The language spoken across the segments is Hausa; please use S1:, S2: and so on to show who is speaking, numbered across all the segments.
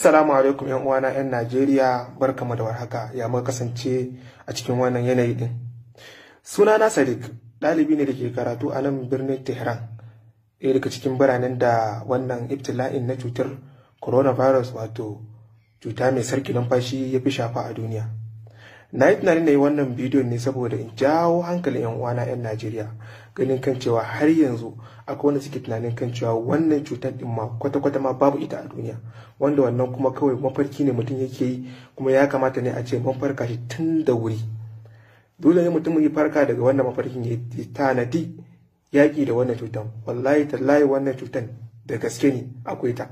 S1: Assalamu alaikum ‘yan uwana ‘yan Najeriya barkamu da warhaka ya muka kasance a cikin wannan yanayi din. na Sadiq ɗalibi ne da ke karatu a nan birnin Tehran ɗaya daga cikin biranen da wannan ibtila'in na cutar coronavirus wato cuta mai sarki numfashi ya fi shafa a duniya. Na yi tunanin na yi wannan bidiyon ne saboda in jawo hankalin ‘yan uwana ‘yan Najeriya ganin kan cewa har yanzu akwai wanda suke tunanin kan cewa wannan cutar din ma kwata-kwata ma babu ita a duniya wanda wannan kuma kawai mafarki ne mutum yake yi kuma ya kamata ne a ce mun farka shi tun da wuri dole ne mutum ya farka daga wannan mafarkin ya tanadi yaƙi da wannan cutar wallahi tallahi wannan cutar da gaske ne akwai ta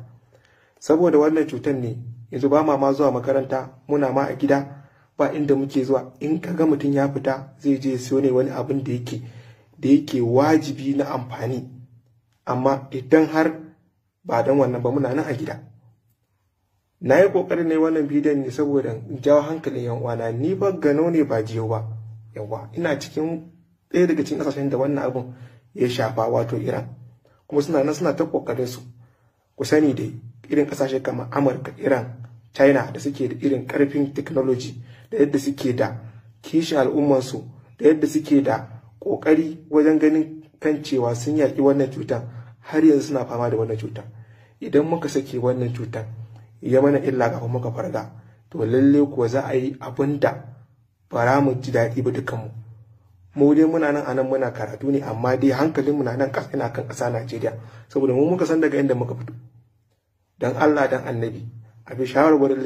S1: saboda wannan cutar ne yanzu ba ma ma zuwa makaranta muna ma a gida ba inda muke zuwa in kaga mutum ya fita zai je ya siyo ne wani abin da yake da yake wajibi na amfani amma idan har ba don wannan ba muna nan a gida na yi na yi wannan bidiyon ne saboda jawo hankalin yan uwana ni ba gano ne ba jiyo ba yawa ina cikin ɗaya daga cikin ƙasashen da wannan abun ya shafa wato iran kuma suna nan suna ta kokarin su ku sani da irin ƙasashe kamar amurka iran china da suke da irin ƙarfin technology da yadda suke da kishin al'ummarsu da yadda suke da kokari wajen ganin kan cewa sun yaƙi wannan cutar har yanzu suna fama da wannan cutar idan muka sake wannan cutar ya mana illa kafin muka farga to lalle kuwa za a yi abin da ba za mu ji daɗi ba dukkanmu. mu dai muna nan anan muna karatu ne amma dai hankalin muna nan ƙasa ina kan ƙasa Najeriya saboda mu muka san daga inda muka fito dan Allah dan Annabi a bi shawarwarin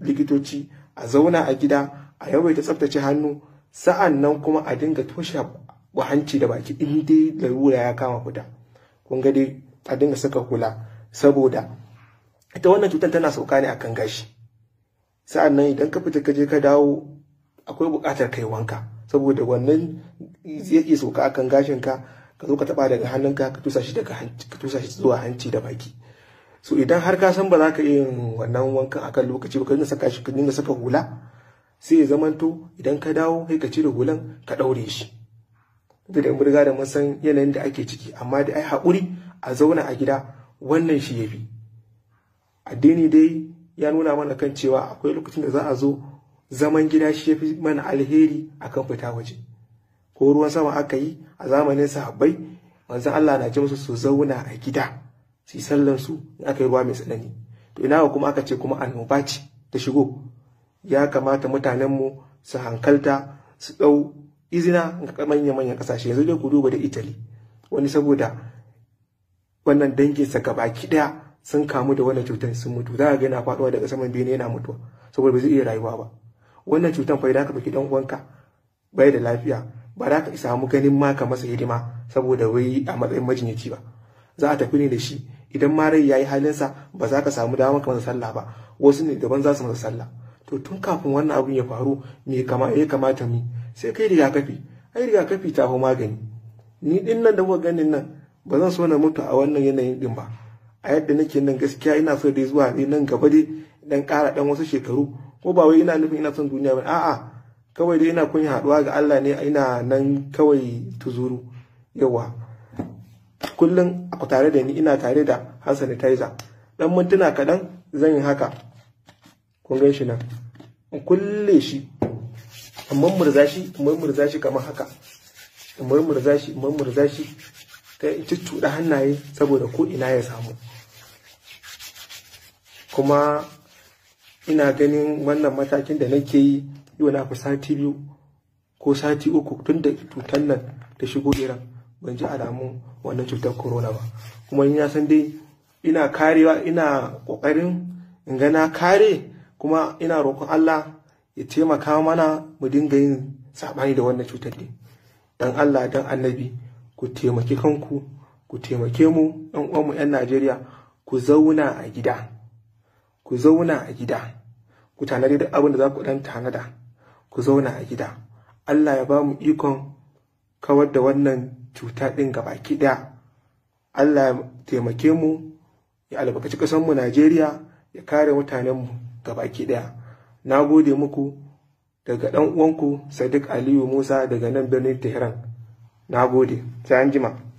S1: likitoci a zauna a gida a yawaita tsaftace hannu sa'an nan kuma a dinga toshe wa hanci da baki in dai larura ya kama fita kun ga dai a dinga saka kula saboda ita wannan cutar tana sauka ne akan gashi sa'annan idan ka fita ka je ka dawo akwai buƙatar kai wanka saboda wannan iya sauka akan gashin ka ka zo ka taba daga hannunka ka tusa shi daga hanci ka tusa shi zuwa hanci da baki so idan har ka san ba za ka iya wannan wankan akan lokaci ba ka dinga saka shi ka dinga saka hula sai ya zamanto idan ka dawo kai ka cire hulan ka ɗaure shi da da mun riga da mun san yanayin da ake ciki amma dai ai haƙuri a zauna a gida wannan shi yafi addini dai ya nuna mana kan cewa akwai lokacin da za a zo zaman gida shi yafi mana alheri akan fita waje ko ruwan sama aka yi a zamanin sahabbai manzon Allah na ji musu su zauna a gida su yi sallan su in aka yi ruwa mai tsanani to ina kuma aka ce kuma annoba ce ta shigo ya kamata mutanen mu su hankalta su ɗau izina manya-manyan kasashe yanzu dai ku duba da italy wani saboda wannan danginsa baki daya sun kamu da wannan cutar sun mutu za ka ga yana faduwa daga saman bene yana mutuwa saboda ba zai iya rayuwa ba wannan cutar fa idan ka baki dan uwanka bai da lafiya ba za ka isa mu ganin ma ka masa hidima saboda wai a matsayin majinyaci ba za a tafi ne da shi idan ma rai yayi halinsa ba za ka samu dama ka masa sallah ba wasu ne daban za su masa sallah to tun kafin wannan abin ya faru me kama ya kamata mu sai kai riga kafi. ai riga kafi, ta ho magani ni din nan da kuka ganin nan ba zan so na mutu a wannan yanayin din ba a yadda nake nan gaskiya ina so dai zuwa dai nan gaba dai dan kara dan wasu shekaru ko ba wai ina nufin ina son duniya ba a'a kawai dai ina kun haɗuwa ga Allah ne ina nan kawai tuzuru yawa kullum a tare da ni ina tare da hand sanitizer dan mintuna kaɗan zan yi haka kun gan shi nan in kulle shi in murza shi in murza shi kamar haka in murza shi in murza shi ta tuttuɗa hannaye saboda ko ina ya samu kuma ina ganin wannan matakin da nake yi yau na fi sati biyu ko sati uku tun da cutar nan ta shigo iran ban ji alamun wannan cutar corona ba kuma in ya san dai ina karewa ina kokarin in ga na kare kuma ina roƙon Allah ya taimaka mana mu dinga yin saɓani da wannan cutar din dan Allah dan annabi ku taimaki kanku ku taimake mu ɗan uwanmu 'yan Najeriya ku zauna a gida ku zauna a gida ku tanadi duk abin da za ku ɗan tanada ku zauna a gida Allah ya ba mu ikon kawar da wannan cuta ɗin gaba ɗaya Allah ya taimake mu ya albarkaci ƙasarmu Najeriya ya kare mutanenmu baki ɗaya na gode muku daga ɗan uwanku sadiq aliyu musa daga nan birnin tehran na gode sai an jima